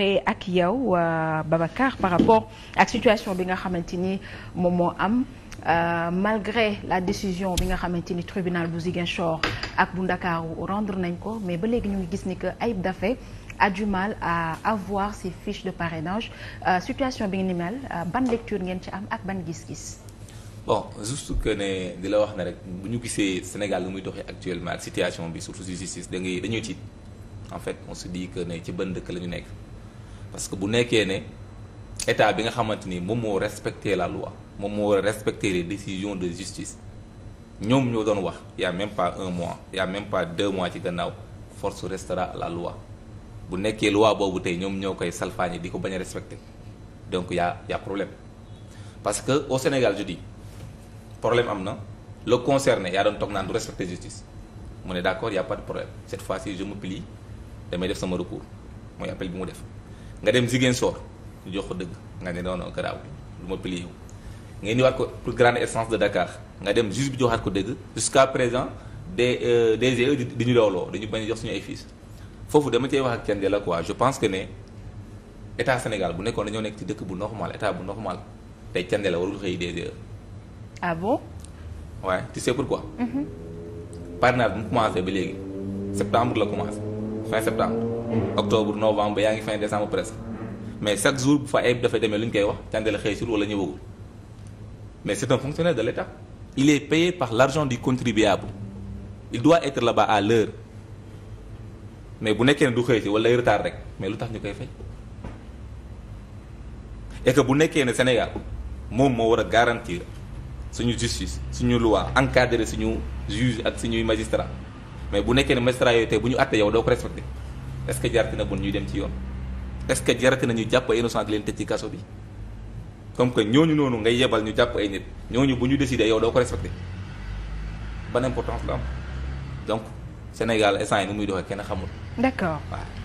ak yow euh, Babacar par rapport ak situation bi nga xamante ni moom moo am euh, malgré la décision bi nga xamante ni tribunal bu Ziguinchor ak bu Ndakaaru rendre nañ ko mais ba léegi ñu ngi gis ni que Ayib Daffé a du mal à avoir ses fiches de parrainage euh, situation bi ni mel ban lecture ngeen ci am ak ban gis-gis. bon juste que ne di la wax na rek bu ñu gisee Sénégal lu muy doxee actuellement ak situation bi surtout si justice da ngay dañuy tiit en fait on se dit que ci ban dëkk la ñu nekk. parce que bu nekkee ne état bi nga xamante ni moom moo respecté la loi moom moo respecté les décisions de justice ñoom ñoo doon wax y' a même pas un mois y' a même pas deux mois ci gannaaw force restera à la loi bu nekkee loi boobu tey ñoom ñoo koy salfaañi di ko bañ a respecté donc y' a problème parce que au Sénégal je dis problème am na loo concerné yaa doon toog naan du respecter justice mu ne d' accord y' a pas de problème cette fois ci je me damay def sama recours mooy appel bi mu def. nga dem Ziguinchor ñu jox ko dëgg nga ne non non garaaw lu ma plié wu. ngeen ñëwaat ko pour grande instance de Dakar nga dem juge bi joxaat ko dëgg jusqu'à présent des euh, DGE di ñu dawloo dañu bañ a jox suñu ay fiches foofu dama cay wax ak kenn de la quoi je pense que ne état Sénégal bu nekkoon dañoo nekk ci dëkk bu normal état bu normal tey kenn de la warul xëy DGE. ah bon. waaye ouais, tu sais pourquoi. Mhm. parrainage bu mu commencé ba léegi septembre fin septembre octobre novembre yaa ngi fin décembre presque mais chaque jour bu fa ayib dafay demee lu ñu koy wax càndela xëysul wala ñëwagul mais c'est un fonctionnaire tax l'État il est payé par l'argent du contribuable il doit être là ba à l'heure mais bu nekkee ne du xëy si wala retard rek mais lu tax ñu koy fay et bu nekkee na Sénégal moom moo war a garantir suñu justice suñu loi encadrer suñu juge ak suñuy magistrat mais bu nekkee ne magistrat yooyu tey bu ñu àttee yow doo ko respecté est ce que jarati na bun ñuy dem ci yoon est ce que jarati na ñu jàpp ay innocent ak leen tëj ci kaso bi comme que ñu noonu ngay yebal ñu jàpp ay nit ñu bu ñu décidé yow doo ko respecté ban importance la am donc Sénégal instant yi muy doxee kenn xamul. d'accord waaw.